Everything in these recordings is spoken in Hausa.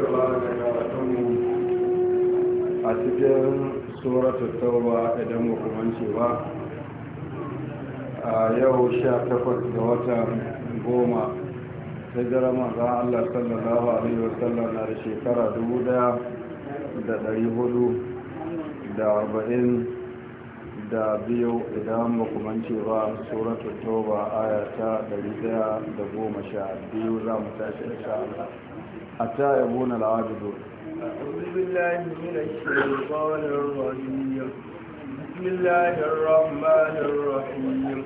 cigaba da karatunmu a cikin suratu tauba idan ba ba a yau sha takwas ga watan goma ta jira manzan allah sallallahu alaihi wasallam na da shekara dubu daya da dari hudu da arba'in da biyu idan ba ba suratu tauba aya ta dari daya da goma sha biyu za mu tashi insha allah حتى يبون العاجزون أعوذ بالله من الشيطان الرجيم بسم الله الرحمن الرحيم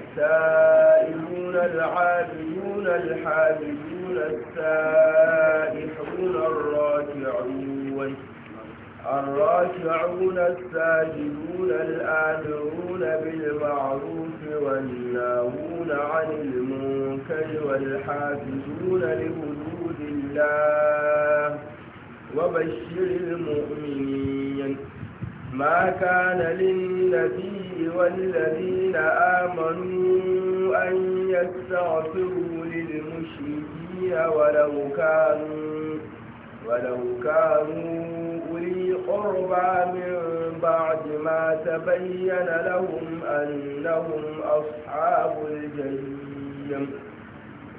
السائلون العابدون الحابدون السائحون الراكعون الراكعون الساجدون الآمرون بالمعروف والناهون عن المنكر والحافظون لهدوء الله وبشر المؤمنين ما كان للنبي والذين آمنوا أن يستغفروا للمشركين ولو كانوا ولو كانوا أولي قربى من بعد ما تبين لهم أنهم أصحاب الجنة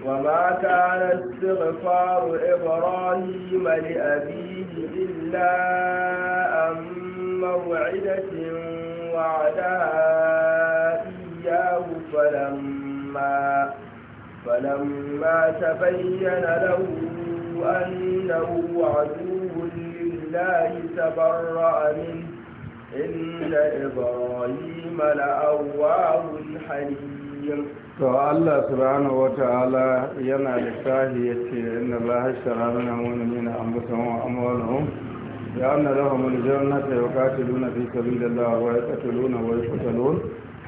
وما كان استغفار إبراهيم لأبيه إلا أن موعدة وعدها إياه فلما فلما تبين له أنه عدو لله تبرأ منه إن إبراهيم لأواه حليم to Allah subhanahu wata'ala yana lissahi yace inna Allah shara min al-mu'minina anfusahum wa amwalahum ya anna lahum al-jannata yuqatiluna fi sabilillah wa yaqtuluna wa yuqtalun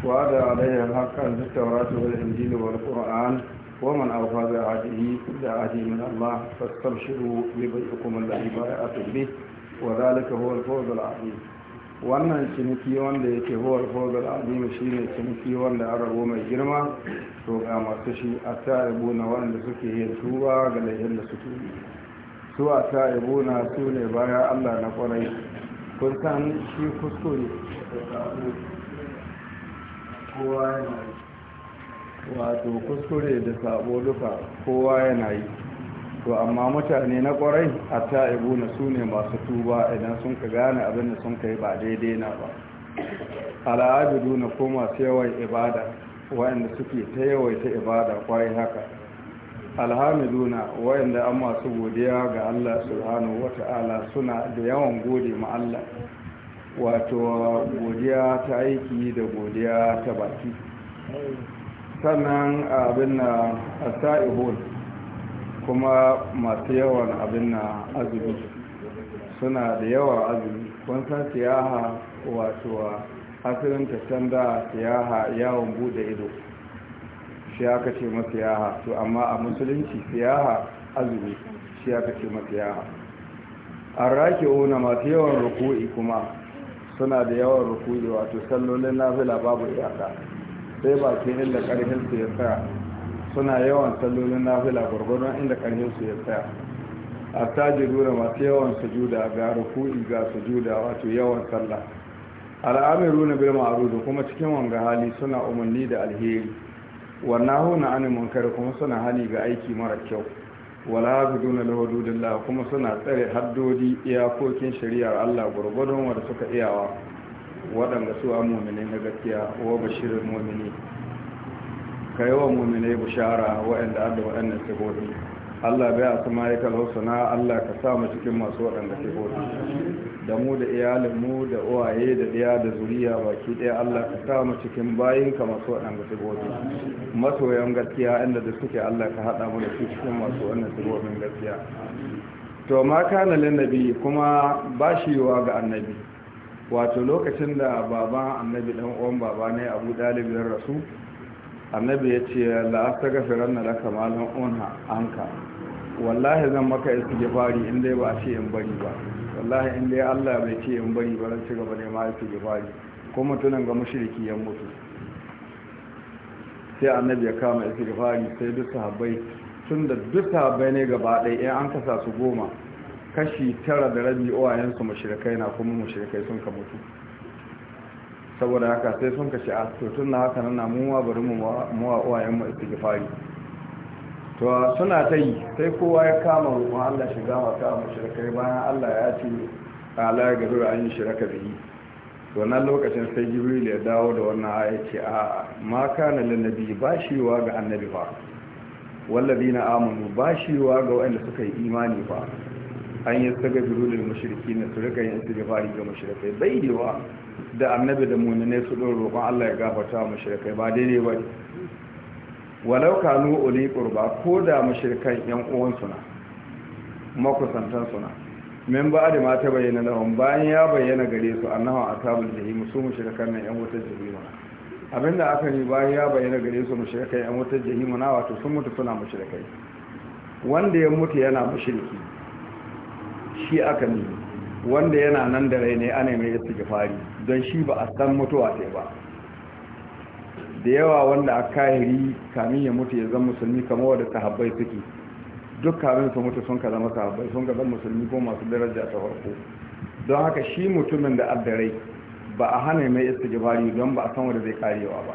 wa ada alayhi haqqan fi at-taurat wal injil wal qur'an wa man awfa bi ahdihi la ahdi min Allah fastabshiru bi bay'ikum alladhi ba'atum bih wa dhalika huwa al-fawz al-'azim wannan ciniki wanda yake huwar fawzar azim shi ne ciniki wanda an rago mai girma to ga masu shi a ta'ibu na wanda suke yin tuba ga laifin da suke yi su a ta'ibu na su ne bayan allah na kwarai kun san shi kuskure wato kuskure da sabo duka kowa yana yi to amma mutane na kwarai a ta'ibu na su ne masu tuba idan sun ka gane abinda sun ka yi ba daidai na ba al'abidu na ko masu yawai ibada wa'anda suke ta yawaita ibada kwarai haka alhamiduna wa'anda an masu godiya ga allah subhanahu suna da yawan gode ma allah wato godiya ta aiki da godiya ta baki sannan abin na asa'ihun kuma masu yawan abin na azumi suna da yawa azumi kwansan siyaha wato asirin tattan da siyaha yawon bude ido shi aka ce masu yaha to amma a musulunci siyaha azumi shi aka ce masu yaha an rake una masu yawan ruku'i kuma suna da yawan ruku'i wato sallolin nafila babu iyaka sai ba ke illa karfin su ya tsara. suna yawan tallolin nafila gwargwadon inda kanyar su ya tsaya A attajiru da masu yawan sujuda ga ruku'i ga sujuda wato yawan sallah al'amiru na bil da kuma cikin wanga hali suna umarni da alheri Wannan na anin munkar kuma suna hali ga aiki mara kyau wala na li hududillah kuma suna tsare haddodi iyakokin shari'ar Allah gwargwadon wanda suka iyawa waɗanda su a na gaskiya wa bashirin mu'mini ka yi wa mummune bishara waɗanda adda waɗannan sigobi allah bai a sama ya allah ka sa mu cikin masu waɗanda ke sigobi da mu da iyalinmu da uwaye da ɗaya da zuriya baki ɗaya allah ka sa mu cikin ka masu waɗanda ke sigobi masoyan gaskiya inda da suke allah ka haɗa mu da su cikin masu waɗanda ke sigobin gaskiya to ma kana lannabi kuma ba shi yiwa ga annabi wato lokacin da baban annabi ɗan uwan baba ne abu ɗalibin rasu annabi ya ce la'asta gafiran na laka malin unha anka wallahi zan maka isi gifari in dai ba a ce in bari ba wallahi in dai allah bai ce in bari ba zan ci gaba ma isi gifari ko mutunan ga mashiriki ya mutu sai annabi ya kama isi gifari sai duk sahabbai tun da duk sahabbai ne gaba ɗaya in an kasa su goma kashi tara da rabi uwayensu mashirikai na kuma mashirikai sun ka mutu saboda haka sai sun kashi a tutun na haka nuna muwa bari muwa uwayen mu istighfari to suna ta yi sai kowa ya kama roƙon Allah shiga maka mushrikai bayan Allah ya ce ala ya an yi shirka bihi to nan lokacin sai Jibril ya dawo da wannan ya ce a ma lannabi ba shi bashiwa ga annabi ba. fa ba shi wa ga wanda suka yi imani ba. an yi saga birulul na su rika yin istighfari ga bai yi wa da annabi da muninai su ɗin roƙon Allah ya gafarta wa shirkai ba daidai ba walau kanu uli qurba ko da mushrikan yan uwan suna makusantan suna min ba da mata bayyana lahum bayan ya bayyana gare su annahu ashabul jahim su mushrikan nan yan wutar jahim abinda aka ni bayan ya bayyana gare su mushrikan yan wutar jahim na wato sun mutu suna shirkai wanda ya mutu yana mushriki shi aka ni wanda yana nan da rai ne ana mai fari, don shi ba a san mutuwa sai ba da yawa wanda a kahiri kamin ya mutu ya zan musulmi kamar wadda sahabbai suke duk kamin su mutu sun ka zama sahabbai sun ka zan musulmi ko masu daraja ta farko don haka shi mutumin da addarai ba a hana mai istighfari don ba a san wanda zai karewa ba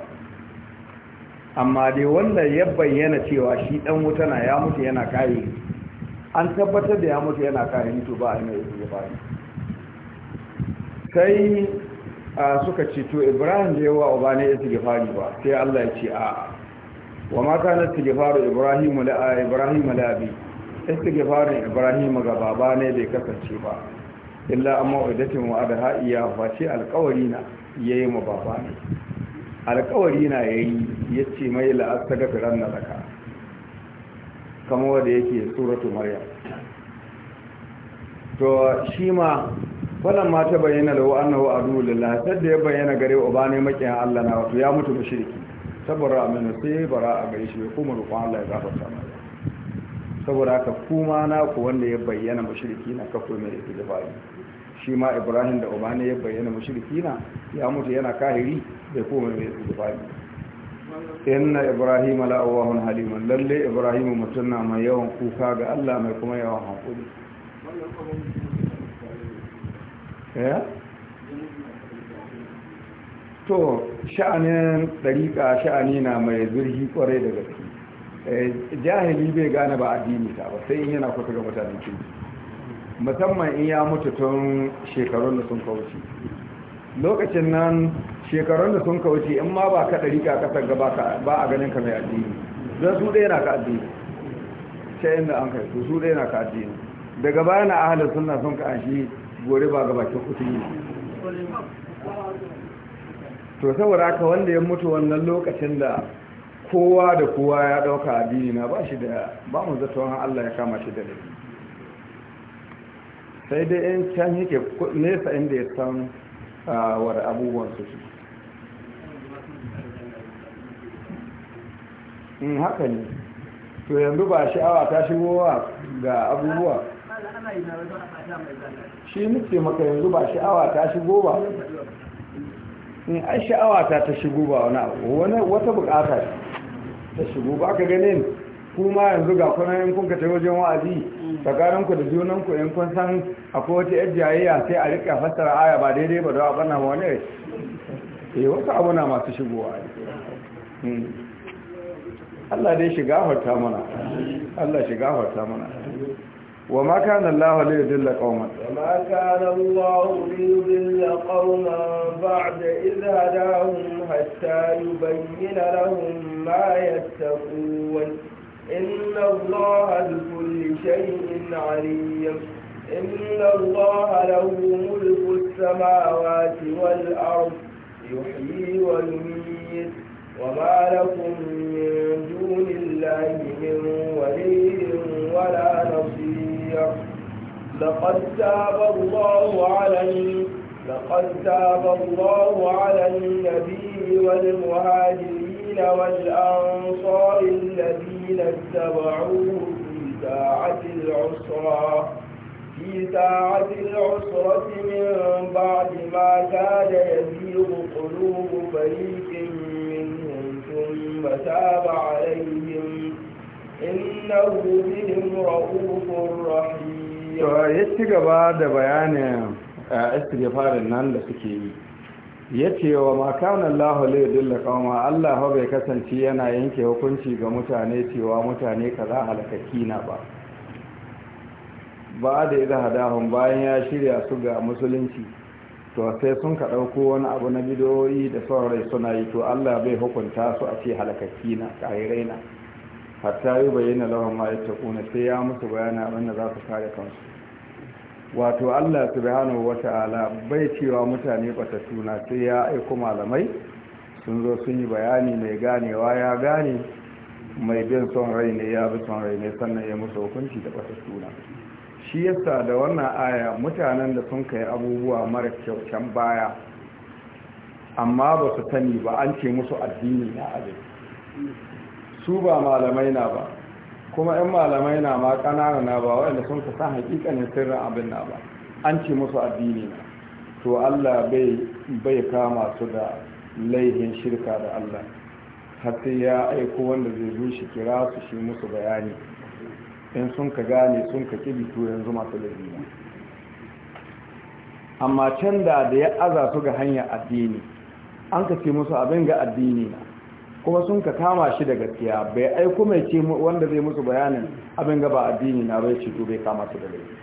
amma dai wanda ya bayyana cewa shi dan wuta na ya mutu yana kahiri an tabbatar da ya mutu yana kayan to ba a yi mai istighfari sai suka ce to ibrahim da yawa ba ne fari ba sai Allah ya ce a wa ma kana faru ibrahim malabi ya la abi ibrahim ga baba ne bai kasance ba illa amma udatin wa ha'iya, ba ce alkawari na yayi ma baba ne alƙawari na yayi ce mai la'astagfiran na zaka kamar wanda yake suratu maryam to shi ma wannan ma ta bayyana lahu annahu adu lillah sadda ya bayyana gare uba ne makiyan Allah na wato ya mutu shirki saboda Aminu sai bara a gare shi kuma roƙon Allah ya gafarta sama saboda haka kuma na ku wanda ya bayyana mushriki na kafo mai da istighfari shi ma Ibrahim da uba ne ya bayyana mushriki na ya mutu yana kahiri bai kuma mai istighfari inna ibrahim la'awahun haliman lalle ibrahim mutum na mai yawan kuka ga allah mai kuma yawan hankuli ya eh? to sha'anin ɗariƙa sha'ani na mai zurhi kwarai da gaske eh, jahili bai gane ba addini ta ba sai in yana kuka ga mutanen kirki musamman in ya mutu tun shekarun da sun kauce lokacin nan shekarun da sun kauce in ma ba ka ɗari ka kasar gaba ba a ganin ka mai addini don su ɗaya na ka addini shayin da an kai su su ɗaya na ka addini daga baya na ahalar suna sun ka shi gore ba ga bakin yi to saboda haka wanda ya mutu wannan lokacin da kowa da kowa ya ɗauka addini na ba shi da ba mu wani Allah ya kama shi da laifi sai dai in can yake nesa inda ya san ah, wa abubuwan su su in eh, haka ne to yanzu ba sha'awa ta shigowa ga abubuwa shi nufi maka yanzu ba sha'awa ta shigo ba in eh, ai sha'awa ta ta shigo ba wani wata bukata ta shigo ba ka ganin kuma yanzu ga kuna yin kun ka ta wajen wa'azi tsakanin ku da junan ku in kun san akwai wata yar jayayya sai a rika fassara aya ba daidai ba da wa bana wani eh wasu abu na masu shigowa ne hmm. Allah dai shiga hota mana Allah shiga hota mana wa ma kana Allah li yudilla qauman wa ma kana Allah li yudilla qauman ba'da idh hadahum hatta yubayyana lahum ma yattaqun inna Allah bi kulli shay'in 'alim inna Allah lahu mulku as-samawati wal ardi yuhyi wa yumiitu وما لكم من دون الله من ولي ولا نصير لقد تاب الله على لقد تاب الله على النبي والمهاجرين والأنصار الذين اتبعوه في ساعة العسرة في ساعة العسرة من بعد ما كاد يزيغ قلوب فريق ثم تاب عليهم إنه بهم رؤوف رحيم ya ci gaba da bayanin istighfarin nan da suke yi ya ce wa makana Allah la yudilla kawama Allah ho bai kasance yana yanke hukunci ga mutane cewa mutane kaza halakaki na ba ba da idan hadahun bayan ya shirya su ga musulunci to sai sun ka ɗauko wani abu na bidoyi da saurayi suna yi to allah bai hukunta su a cikin halakaki na ƙa'irai na hatta yi bayyana lawan ma ta kuna sai ya musu bayana wanda za su kare kansu wato allah subhanahu wa ta'ala bai cewa mutane bata suna sai ya aiko malamai sun zo sun yi bayani mai ganewa ya gane mai bin son rai ne ya bi son rai ne sannan ya musu hukunci da bata suna. shi yasa da wannan aya mutanen da sun kai abubuwa mara kyau can baya amma ba su sani ba an ce musu addini na abin su ba malamai na ba kuma 'yan malamai na ma kanana na ba waɗanda sun kasa hakikanin sirrin abin na ba an ce musu addini na to allah bai kama su da laihin shirka da allah har sai ya aiko wanda zai zo shi kira su shi musu bayani in sun ka gane sun ka kibi to yanzu masu lalina amma can da da ya aza su ga hanyar addini an ka ce musu abin ga addini na kuma sun ka kama shi da gaskiya bai aiko mai ce wanda zai musu bayanin abin ga ba addini na bai to bai kama su da laifi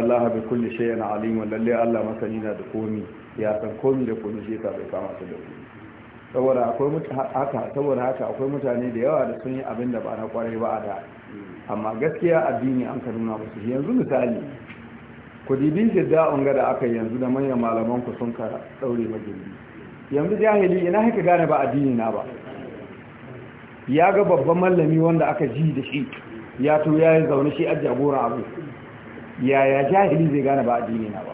Allah bai kulle shayyana alimu lalle Allah masani na da komi ya san komi da komi shi ta bai kama su da laifi saboda akwai haka saboda haka akwai mutane da yawa da sun yi abin da ba na kwarai ba a da amma gaskiya addini an ka nuna musu yanzu misali ku dibi jidda unga da aka yanzu da manyan malaman ku sun kara daure magindi yanzu jahili ina haka gane ba addini na ba ya ga babban mallami wanda aka ji da shi ya to ya yi zaune shi a jagora abu ya ya jahili zai gane ba addini na ba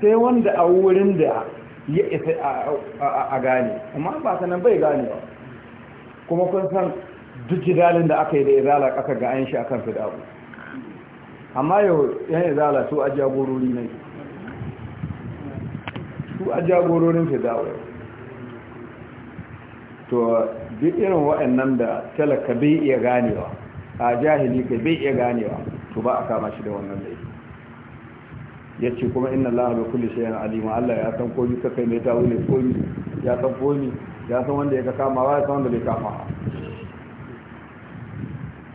sai wanda a wurin da ya isa a gane amma ba sanan bai gane ba kuma kun san duk jidalin da aka yi da izala aka ga an shi akan fi dawo amma yau yan izala su a jagorori ne su a jagororin fi dawo to duk irin waɗannan da talaka bai iya ganewa a jahili ka bai iya ganewa to ba a kama shi da wannan laifi ce kuma inna allaha bi kulli shay'in alima Allah ya san komi ka kai mai tawo ne komi ya san komi ya san wanda ya kama ba ya san wanda bai kama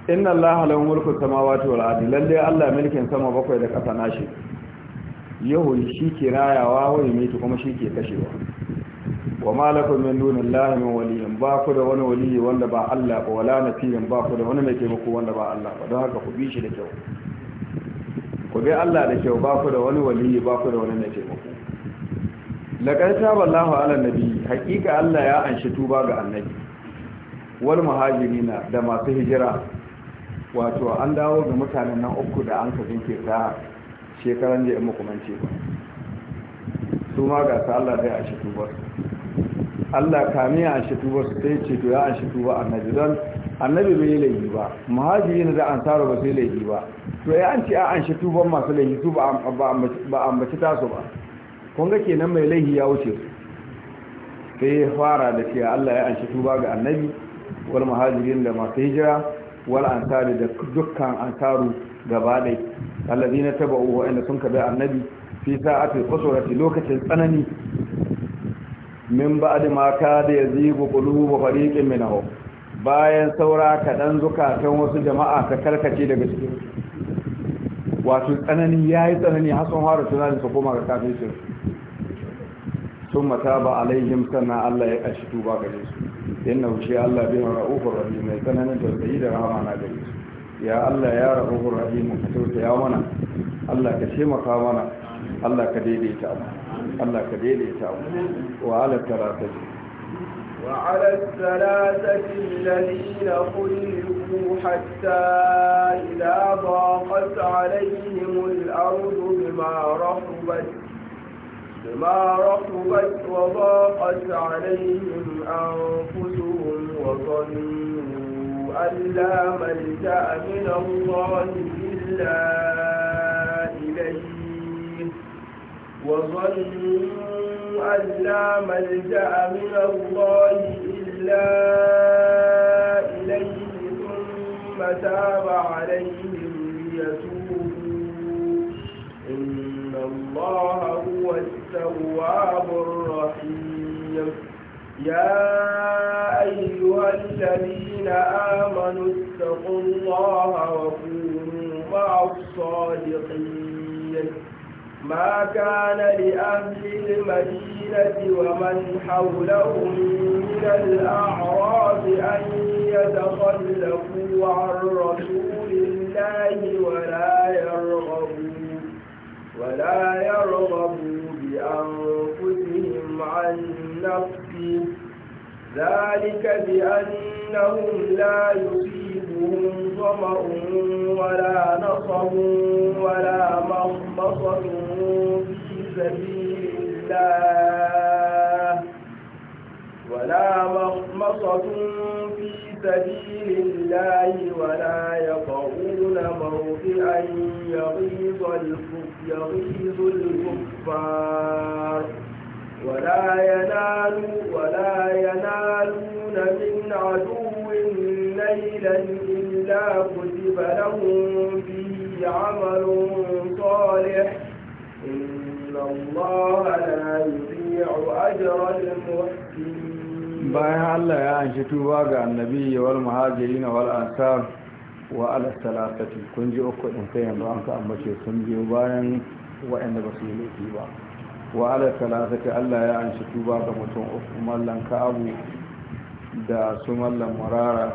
inna allaha lahu mulku samawati wal ardi lalle Allah mulkin sama bakwai da kasa nashi yahu shi ke rayawa wani mai kuma shi ke kashewa wa ma lakum min dunillahi min waliyyin ba ku da wani waliyi wanda ba Allah ba wala nasirin ba ku da wani mai taimako wanda ba Allah ba don haka ku bi shi da kyau ku bi Allah da kyau ba ku da wani waliyi ba ku da wani mai taimako laqad wallahu ala nabi haqiqa Allah ya anshi tuba ga annabi wal muhajirina da masu hijira wato an dawo ga mutanen nan uku da an kafin ke ta shekaran da ya muku mance ba su ma ga sa Allah zai anshi tuba Allah kame ya anshi ba su sai ce to ya anshi ba annabi Don annabi bai laifi ba muhajirin da ansaro ba sai laifi ba to ya an ce a anshi ban masu laifi su ba ba ambaci taso ba kun ga kenan mai laifi ya wuce sai ya fara da cewa Allah ya anshi ba ga annabi wal muhajirin da masu hijira wal ansari da dukkan ansaru gaba dai allazina taba'u wa inda sun kabi annabi fi sa'atil kusurati lokacin tsanani min ba'di ma kada yazigu qulubu fariƙin minhum bayan saura kaɗan zukatan wasu jama'a ka karkace daga cikin wato tsanani ya yi tsanani hasan fara tunanin su koma ga kafin su sun mata ba alaihim sannan allah ya ƙashi tuba gare su inna wuce allah bin ra'ufur rahim mai tsananin tausayi da rahama na gare su ya allah ya ra'ufur rahim ka ya mana allah ka taimaka mana allah ka daidaita mana الله كبير يتعب وعلى الثلاثة وعلى الثلاثة الذين خلقوا حتى إذا ضاقت عليهم الأرض بما رحبت بما رحبت وضاقت عليهم أنفسهم وظنوا أن لا ملجأ من الله إلا إليه وظنوا أن لا ملجأ من الله إلا إليه ثم تاب عليهم ليتوبوا إن الله هو التواب الرحيم يا أيها الذين آمنوا اتقوا الله وكونوا مع الصادقين ما كان لأهل المدينة ومن حولهم من الأعراب أن يتخلفوا عن رسول الله ولا يرغبوا ولا يرغبوا بأنفسهم عن نفسه ذلك بأنهم لا يصيبون يصبهم صمر ولا نصر ولا مخمصة في سبيل الله ولا مخمصة في سبيل الله ولا يطعون موضعا يغيظ يغيظ الكفار ولا ينال ولا ينالون من عدو ليلا إلا كتب لهم به عمل صالح إن الله لا يضيع أجر المحسنين bayan Allah ya anshi tuba ga annabi wal muhajirin wal ansar wa ala salatati kun ji uku din sai yanzu an ka ambace sun biyo bayan waɗanda ba su yi laifi ba wa ala salatati Allah ya anshi tuba ga mutum uku mallan ka'abu da su mallan murara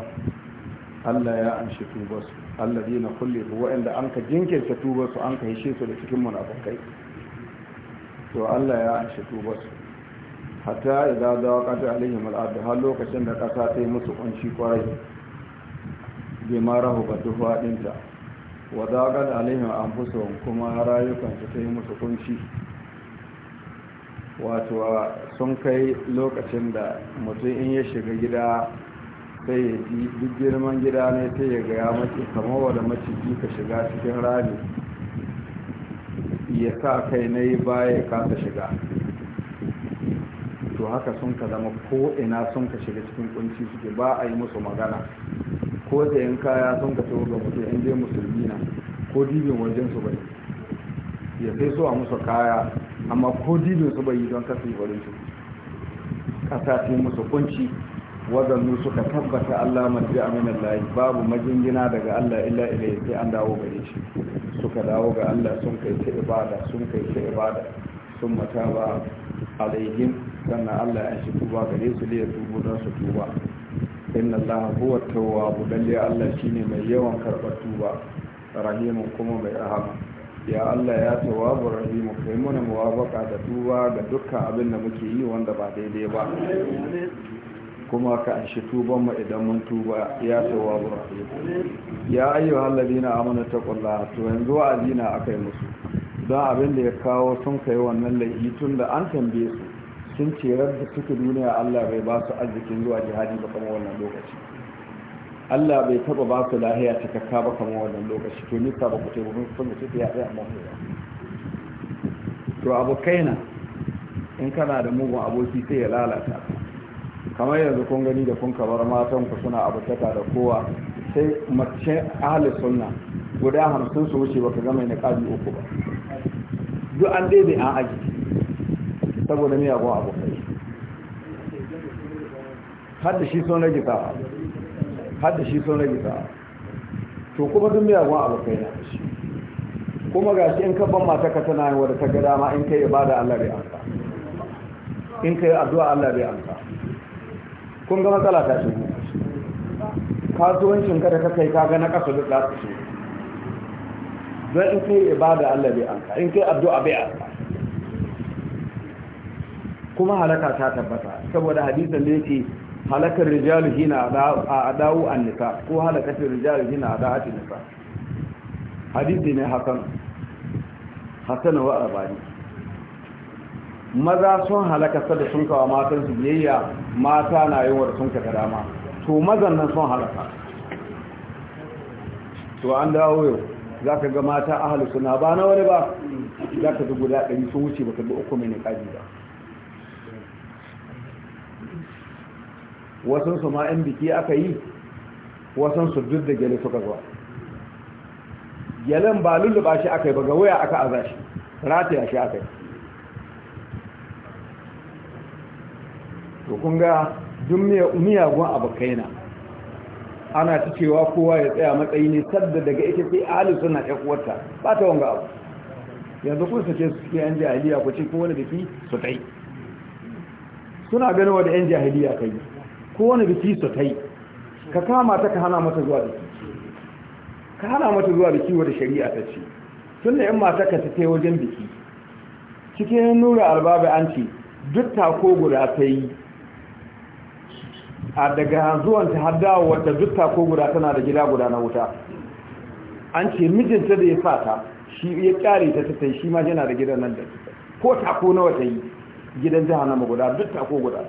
Allah ya amshi tubarsu kulle kullifu wa'anda an ka jinkirta tubarsu an ka hishe su da cikin munafikai to Allah ya amshi tubarsu hatta idza dawaqat alaihim al-ard har lokacin da kasa ta yi musu kunshi kwarai bai ma rahu ba duk fadinta wa dawaqat alaihim anfusuhum kuma rayukan su ta yi musu kunshi wato sun kai lokacin da mutum in ya shiga gida sai ya fi duk girman gida ne sai ya ga ya mace kamar wadda maciji ka shiga cikin rami ya sa kai na yi baya ya kasa shiga to haka sun ka zama ko ina sun ka shiga cikin kunci suke ba a yi musu magana ko da yin kaya sun ka tawo ga mutu yan je musulmi na ko dibin wajen su bai ya sai so a musu kaya amma ko dibin su bai yi don kasa yi barin su kasa musu kunci wadannu suka tabbata Allah marji aminan layi babu majingina daga Allah illa ilai sai an dawo gare shi suka dawo ga Allah sun kai ta ibada sun kai ta ibada sun mata ba alaihim sannan Allah ya shi tuba gare su da ya tubu don su tuba inna Allah huwa tawwabu lalle Allah shine mai yawan karɓar tuba rahimun kuma mai rahama ya Allah ya tawabu rahimu kai muna muwafaka da tuba ga dukkan abin da muke yi wanda ba daidai ba kuma ka an shi mu idan mun tuba ya tsawa burafin ya ayyu halladina ta taqulla to yanzu wa'azina akai musu don abin da ya kawo sun kai wannan laifi tun da an tambaye su sun ce da suke duniya Allah bai ba su arzikin zuwa jihadi ba kamar wannan lokaci Allah bai taba ba su lahiya cikakka ba kamar wannan lokaci to nisa ba ku ce mun sun mutu ya tsaya amma to abu kaina in kana da mugun aboki sai ya lalata ka kamar yanzu kun gani da kun kabar matan ku suna tata da kowa sai mace ahli sunna guda hamsin su wuce baka gama na kaji uku ba duk an daidai an aji saboda miyagun abokai har da shi sun rage ta har da shi sun rage ta to kuma duk miyagun abokai na shi kuma ga shi in kabban mata ka tana yin wadda ta ga dama in kai ibada Allah bai amsa in kai addu'a Allah bai amsa kun ga matsala ta ce kasuwancin ka da ka kai kaga na kasu da za su ce don in kai ibada Allah bai anka in kai addu'a bai anka kuma halaka ta tabbata saboda hadisan da yake halakar rijalu hina a dawo an nisa ko halakatar rijalu hina a an nisa hadisi ne hasan hasan wa arabani maza sun halaka sada sun kawa matan su biyayya mata na yin wa sun kaka dama to mazan nan sun halaka to an dawo yau za ka ga mata ahalu suna ba na wani ba za ka zubu guda ɗari sun wuce ba ka bi uku mai niƙaji ba wasan su ma 'yan biki aka yi wasan su duk da gyale suka zuwa gyalen ba lulluɓa shi aka yi ba ga waya aka aza shi rataya shi aka yi to kun ga duk miyagun abokaina ana ta cewa kowa ya tsaya matsayi ne sadda daga ita sai ali suna ya kuwata ba ta wanga abu yanzu kun sace su ke yan jahiliya ku ce kowane biki su tai suna ganin wanda yan jahiliya kai kowane biki su tai ka kama ta ka hana mata zuwa biki ka hana mata zuwa biki wanda shari'a ta ce tun da yan mata ka ta wajen biki cikin nura albabi an ce duk tako guda ta yi a daga zuwan ta har dawo wata dutta ko guda tana da gida guda na wuta an ce mijinta da ya sa ta shi ya kyare ta ta sai shi ma yana da gidan nan da ko ta ko na wata yi gidan jahannama guda dutta ko guda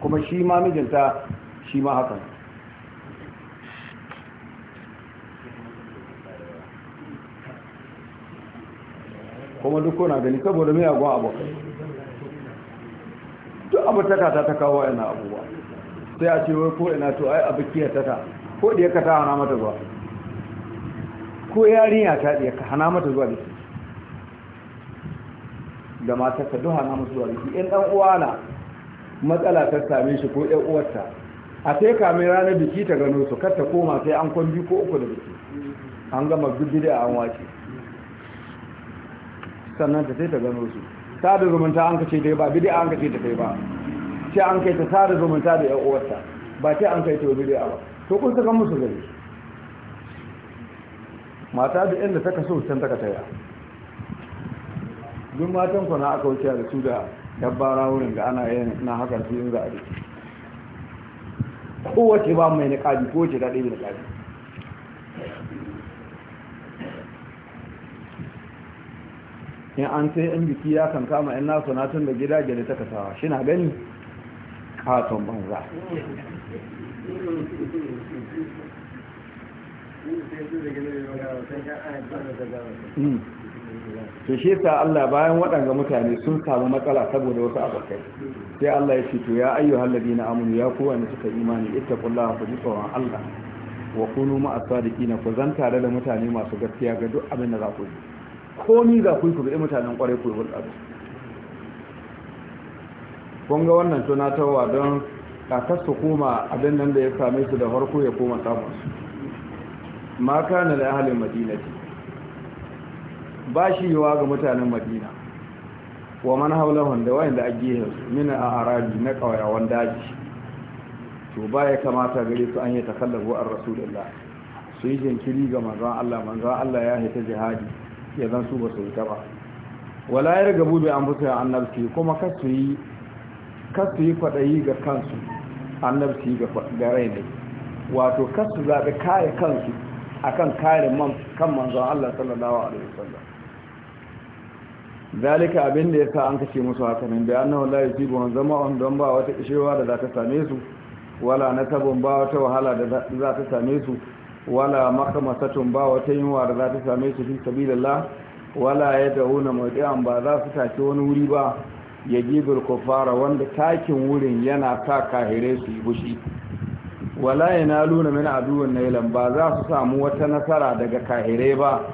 kuma shi ma mijinta shi ma hakan kuma duk kuna gani saboda miyagun abokai duk abu ta kata ta kawo yana abubuwa sai a ce wai ko ina to ai abu kiyar ta ko da ka ta hana mata zuwa ko yarinya ta da ka hana mata zuwa biki da mata ka duha na musu zuwa biki in dan uwa na matsala ta same shi ko ɗan uwarta a sai kamin ranar biki ta gano su kar ta koma sai an kwan ko uku da biki an gama gudu an wace sannan ta sai ta gano su ta da zumunta an kace dai ba bidi an kace ta kai ba sai an kai ta tare zumunta da yan uwarta ba sai an kai ta bidiya ba to kun saka musu gari mata da inda ta kaso can taka taya duk matan kwana aka wuce da su da dabbara wurin da ana yin na hakan su yin zaɓe kowace ba mai niƙaɗi kowace daɗe da niƙaɗi in an sai in biki ya kan kama yan nasu na tun da gida gida ta kasawa shi na gani katon banza hmm. to shi sa Allah bayan waɗanga mutane sun samu matsala saboda wasu abokai sai Allah ya ce to ya ayyuhal ladina amanu ya kowa ne suka imani ita ku ji tsoron Allah wa kunu ma'as sadiqina ku zan tare da mutane masu gaskiya ga duk abin da za ku yi komi za ku yi ku ga mutanen kwarai ku yi hulɗa da kun ga wannan wa don kakar su koma abin nan da ya same su da farko ya koma samun su ma kana da ahalin madina ce ba shi yiwa ga mutanen madina wa man haula da wayan da a su mina a harabi na ƙauyawan daji to ba ya kamata gare su an yi takallabu an rasulullah su yi jinkiri ga manzan allah manzan allah ya haita jihadi ya zan su ba su yi taba wala ya rigabu bai an fusa annabci kuma kar su yi kasu yi kwaɗayi ga kansu annabci ga rai ne wato kasu zaɓi kare kansu a akan kare kan manzon Allah sallallahu alaihi wasallam zalika abin da sa an kace musu haka nan da annahu la yusibu zama on don ba wata ishewa da za ta same su wala na tabon ba wata wahala da za ta same su wala makamasatun ba wata yunwa da za ta same su fi sabilillah wala yad'una mawdi'an ba za su tafi wani wuri ba ya jibir fara wanda takin wurin yana sa kahire su yi bushi wala na luna min aduwin nailan ba za su samu wata nasara daga kahire ba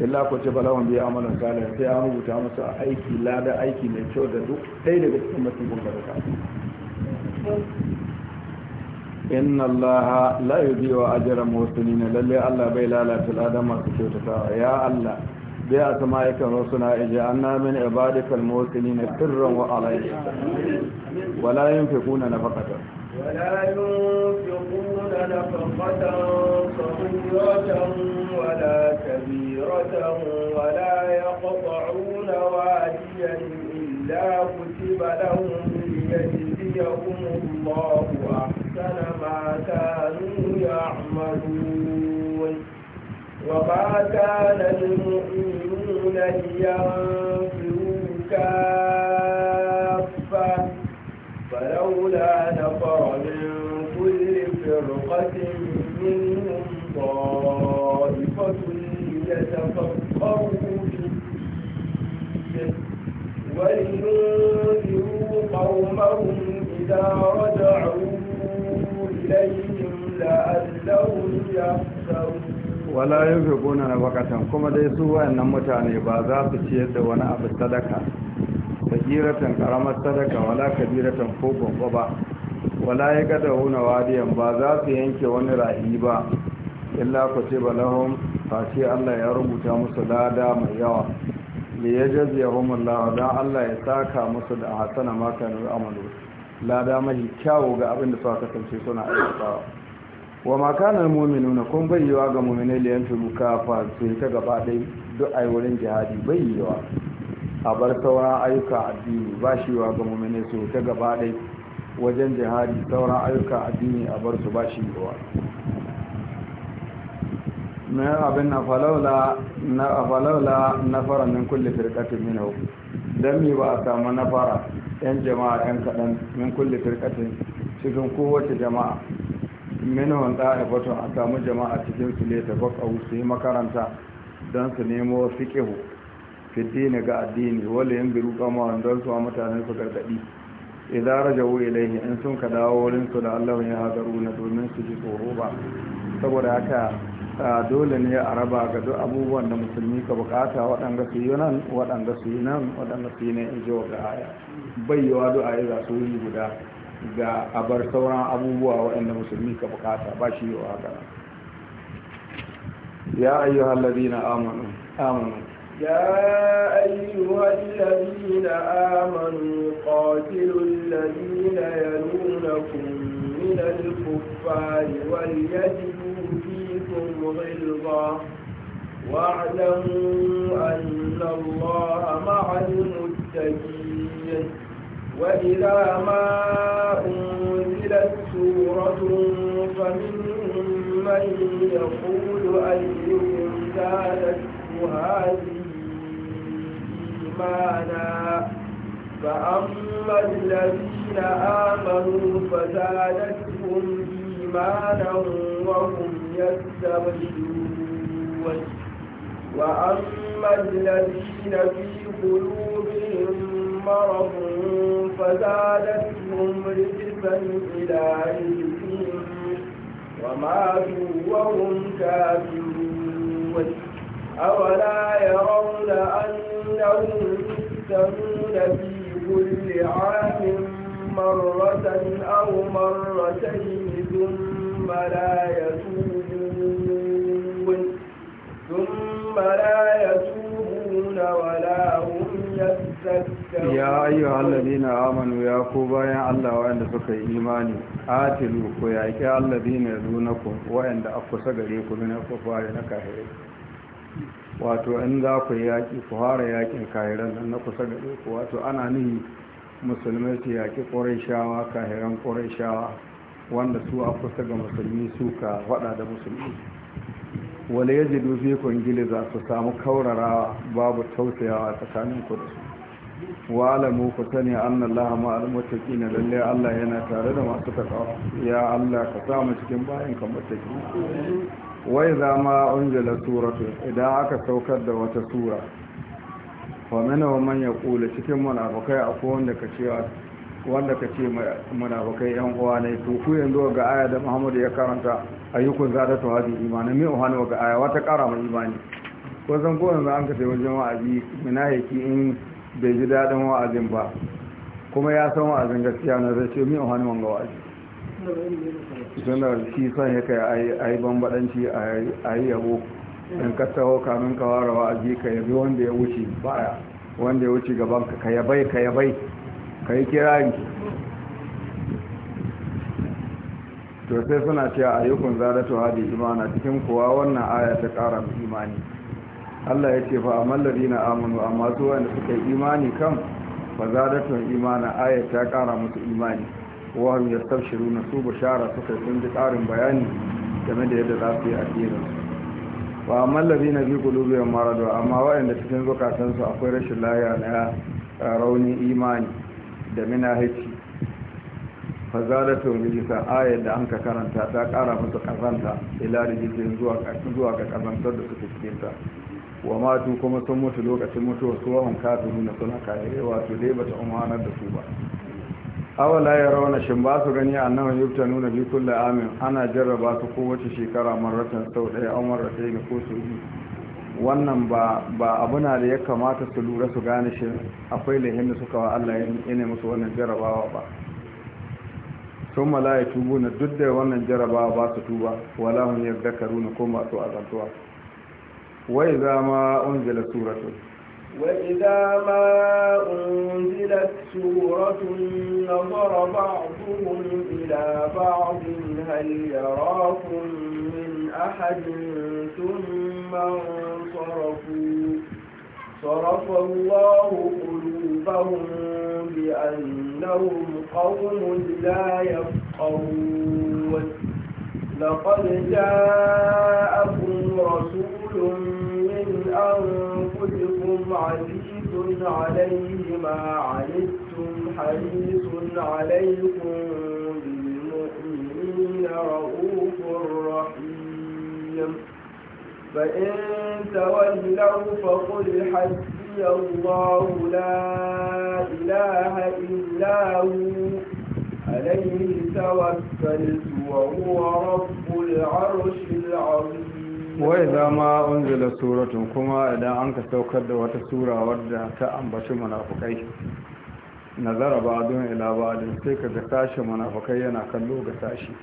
illa ku ce balawan biya amalan salih sai an rubuta musu aiki lada aiki mai kyau da duk ɗaya daga cikin masifin barka inna allaha la yudhi'u ajra muhsinin lalle allah bai lalata ladan masu kyautatawa ya allah bi a ta ma'aikan rasuna ije an namin ibadikal motsili na kirran wa alayi walayin fi kuna na fakatar يَقُومُ اللَّهُ وَأَحْسَنُ مَا كَانُوا يَعْمَلُونَ وما كان المؤمنون لينفروا كافة فلولا نفر من كل فرقة منهم طائفة ليتفقهوا ولينذروا قومهم إذا رجعوا إليهم لعلهم يحذرون wala yin riguna na bakatan kuma dai su wayannan mutane ba za su ciyar da wani abu sadaka sagiratan karamar sadaka wala kabiratan ko babba ba wala ya gada wuna wadiyan ba za su yanke wani ra'ayi ba illa ku ce ba balahum face allah ya rubuta musu lada mai yawa da ya jaziya homin don allah ya saka musu da hasana makanin amalu lada mai kyawu ga abin da suka kasance suna aikatawa wa makanar mominu na kun bayyawa ga mominai da yanzu muka fasu ta gaba ɗai duk a wurin jihadi bayyawa a bar sauran ayyuka addini ba shi wa ga mominai su ta gaba ɗai wajen jihadi sauran ayyuka addini a bar su ba shi wa na abin na falaula na fara min kulle firkatin minau don mi ba a samu na fara 'yan jama'a 'yan kaɗan min kulle firkatin cikin kowace jama'a minhun da'ifatun a samu jama'a cikin su ne ta bakau su yi makaranta don su nemo ga addini wala yin biru kama wanda su a mutanen su gargadi idan rajawo ilaihi in sun ka dawo wurin su da Allah ya hadaru na domin su ji tsoro ba saboda haka dole ne a raba ga duk abubuwan da musulmi ka bukata waɗanda su yi nan waɗanda su yi nan waɗanda su yi nan in ji wa ga aya bayyawa du'a ya za su yi guda ga bar sauran abubuwa waɗanda musulmi ka bukata ba shi yi wa haka ya ayyuhal ladina amanu amanu يا أيها الذين آمنوا قاتلوا الذين يلونكم من الكفار وليجدوا فيكم غلظة واعلموا أن الله مع المتقين وإذا ما أنزلت سورة فمنهم من يقول أيهم زادته هذه إيمانا فأما الذين آمنوا فزادتهم إيمانا وهم يستبشرون وأما الذين في قلوبهم مرض فزادتهم رجسا إلى رجسهم وماتوا وهم كافرون أولا يرون أنهم يفتنون في كل عام مرة أو مرتين ثم لا يتوبون ثم لا يتوبون ولا هم يتوبون ya ayyuha alladhina amanu ya ku bayan Allah wanda suka yi imani atilu ku ya ki alladhina yadunakum wanda akusa gare ku ne ku fara na kahire wato in za ku yaki ku fara yakin kahiran nan na kusa gare ku wato ana nihi musulmai su yaki qurayshawa kahiran qurayshawa wanda su akusa ga musulmi suka ka fada da musulmi wala yajidu fi kun giliza su samu kaurarawa babu tausayawa tsakanin ku da su wa'alamu ku sani annallaha ma'al na lalle Allah yana tare da masu takawa ya Allah ka samu cikin bayan kan muttaqi wai idza ma unzila suratu idan aka saukar da wata sura fa mana man kula cikin munafikai akwai wanda ka ce wanda ka ce munafikai yan uwa ne to ku yanzu ga aya da Muhammad ya karanta ayyukun zata tawadi imani mai uhanu ga aya wata kara mai imani ko zan ko yanzu an ka sai wajen wa'azi munafiki in bai ji daɗin wa'azin ba kuma ya san wa'azin gaskiya na zai ce min wani wanga wa'azi sun da shi son ya kai a yi bambadanci a yi yabo in ka taho kamin ka ware wa'azi ka yabi wanda ya wuce baya wanda ya wuce gaban ka ka yabai ka yabai ka yi ki to sai suna cewa ayyukun zadatu hadi imana cikin kuwa wannan aya ta ƙara imani Allah ya ce fa mallabi ladina amanu amma su wanda suka yi imani kan fa zadatun imana ayat ta kara musu imani wa hum yastabshiruna su bashara suka sun din karin bayani game da yadda za su yi addinin wa amal ladina bi qulubihim maradu amma wanda cikin zukatan su akwai rashin lafiya na eh, rauni imani da minahici fa zadatun rijisa ayat da anka karanta ta kara musu kazanta ila rijisin zuwa ga kazantar da suke cikin ta wa matu kuma sun mutu lokacin mutuwa su wahun kafiru na suna kayayyar wato dai bata umarnar da su ba awala ya rauna shin ba su gani a nan yubta nuna bi kulli amin ana jarraba su wace shekara marratan sau daya an marrata ne ko su yi wannan ba ba abuna da ya kamata su lura su gane shi akwai lahin da suka wa Allah ya ne musu wannan jarrabawa ba sun malaya tubu na duk da wannan jarrabawa ba su tuba wala hun yadda karuna ko masu azantuwa وإذا ما أنزلت سورة وإذا ما أنزلت سورة نظر بعضهم إلى بعض هل يراكم من أحد ثم انصرفوا صرف الله قلوبهم بأنهم قوم لا يفقهون لقد جاءكم رسول من أنفسكم عزيز عليه ما عنتم حريص عليكم بالمؤمنين رؤوف رحيم فإن تولوا فقل حسبي الله لا إله إلا هو عليه توكلت وهو رب العرش العظيم wai zama unzila suratun kuma idan an ka saukar da wata sura wadda ta ambaci munafukai nazara ba don ila ba don sai ka ga sashi munafukai yana kallo ga sashi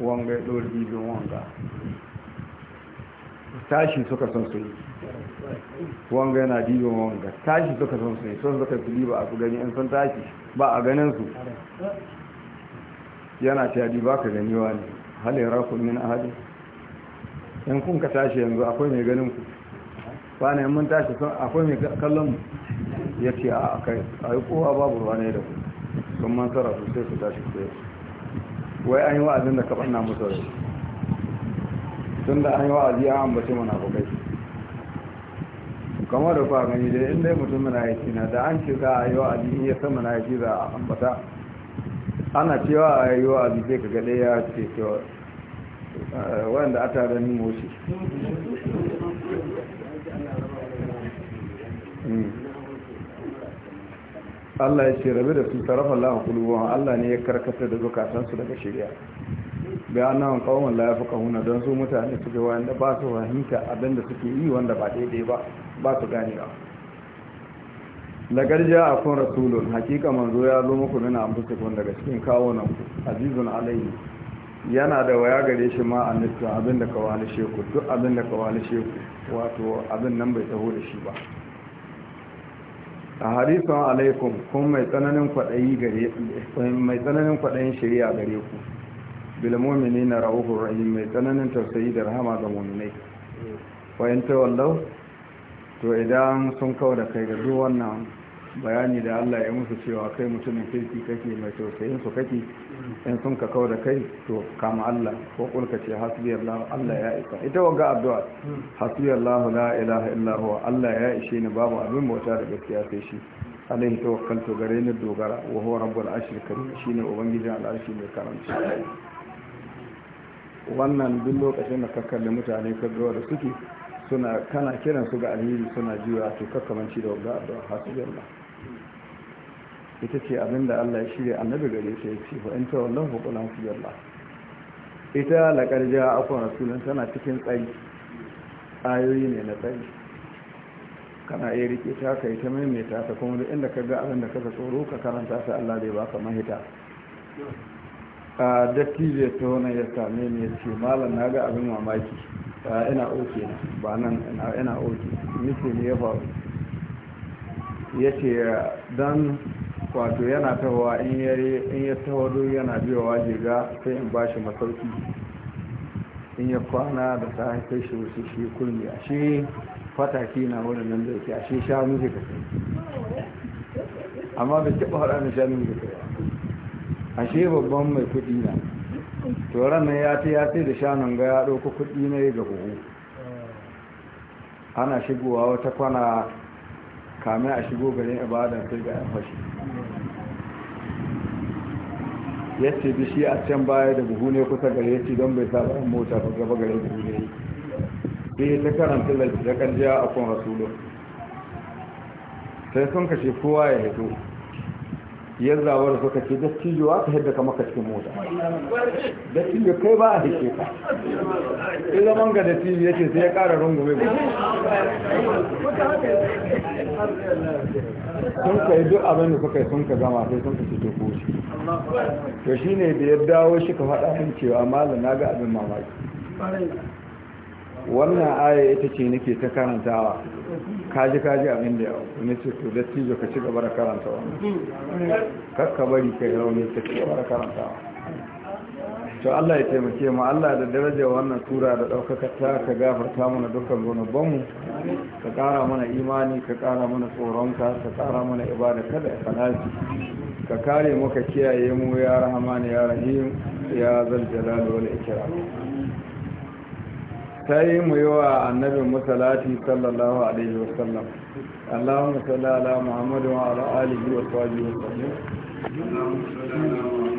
wanga ya ɗori bibin wanga tashi suka son su yi wanga yana dibin wanga tashi suka son su yi son suka su ba a su gani in sun tashi ba a ganin su yana ta yadi ba ka gani wani halin rafin min ahadin in kun ka tashi yanzu akwai mai ganin ku bana yan mun tashi akwai mai kallon ya ce a kai a yi kowa babu ruwa ne da ku sun man su sai su tashi ku wai an yi wa'azin da ka banna musu rai tun da an yi wa'azi an ambace kai. kamar da kuwa gani da inda ya mutum munafiki na da an ce za a yi wa'azi in ya san munafiki za a ambata ana cewa a yi wa'azi sai ka ga ya ce cewa wanda a tare ni moshi hmm. Allah ya ce rabe da su tarafa lahun kulubuwan Allah ne ya karkata da zukatansu daga shirya bayan nan kawon layafi kahuna don su mutane suke wanda ba su fahimta abinda suke yi wanda ba daidai ba ba su gane ba lagarja a kun rasulun hakika manzo ya zo muku nuna kun daga cikin kawo nan azizun alayhi yana da waya gare shi ma a nufin abin da kawali sheku duk abin da kawali sheku wato abin nan bai taho da shi ba a harisun alaikum kun mai tsananin kwaɗayin shari'a gare ku ne na ra'uhun rahim mai tsananin tausayi da rahama ga mominai wayan ta wallau to idan sun kawo da kai ga duk wannan. bayani da Allah ya musu cewa kai mutumin kirki kake mai tausayin su kake in sun ka kawo da kai to kama Allah ko kulka ce hasbiyallah Allah ya isa ita wanga addu'a allah la ilaha illa Allah ya ishe ni babu abin bauta da gaskiya sai shi alaihi tawakkaltu gare ni dogara wa huwa rabbul shi karim shine ubangijin al'arshi mai karanci wannan duk lokacin da ka kalli mutane ka ga da suke suna kana kiransu ga alheri suna jiwa to kakkamanci da wanga addu'a allah ita ce abinda Allah ya shirya annabi gare ta ya ce fa'in ta wallon hukunan su yalla ita laƙarja akwai rasulun tana cikin tsari ayoyi ne na tsari kana iya rike ta ka yi ta maimaita ta kuma duk inda ka ga abin da kasa tsoro ka karanta ta Allah zai baka mahita a dattijo ta wani ya same ni ya ce malam na ga abin mamaki ina oke ba nan ina oke nufin ya faru ya ce don wato yana tahowa in ya taho duk yana waje jiga sai in bashi masauki in ya kwana da ta kai shi wasu shi kulmi a shi fataki na wurin nan da yake a shi shanu zai kai amma da taɓa haɗa da shanu zai kai a shi babban mai kuɗi na turan nan ya ta ya da shanun ga ya ɗauka kuɗi na ga huhu ana shigowa wata kwana kamin a shigo garin ibadan sai ga yan fashi ya ce bishi a can baya da buhu ne kusa gare ya ce don bai sa bayan mota ko gaba garin buhu ne sai ya ta karanta da jiya a kan rasulun sai sun kashe kowa ya hito ya zawar da suka ce dattijo aka yadda ka maka cikin mota da kai ba a hike ka sai zaman ga dattijo ya ce sai ya kara rungume ba sun ka yi duk abin da kuka yi sun ka zama sai sun ka fito ko shi to shi ne da ya dawo shi ka faɗa min cewa malam na ga abin mamaki wannan aya ita ce nake ta karantawa kaji kaji abin da yawo ne ce to dattijo ka ci gaba da karantawa kakka bari ka yi rauni ka ci gaba da karantawa to Allah ya taimake mu Allah da daraja wannan tura da daukaka ta ka gafarta mana dukkan gonobban mu ka kara mana imani ka kara mana tsoronka ka kara mana ibada kada ya falaci ka kare mu ka kiyaye mu ya rahman ya rahim ya zal jalal wal ikram sai mu yi wa annabi musalati sallallahu alaihi wasallam Muhammad wa ala alihi wa sahbihi wa sallam Allahumma salli ala Muhammad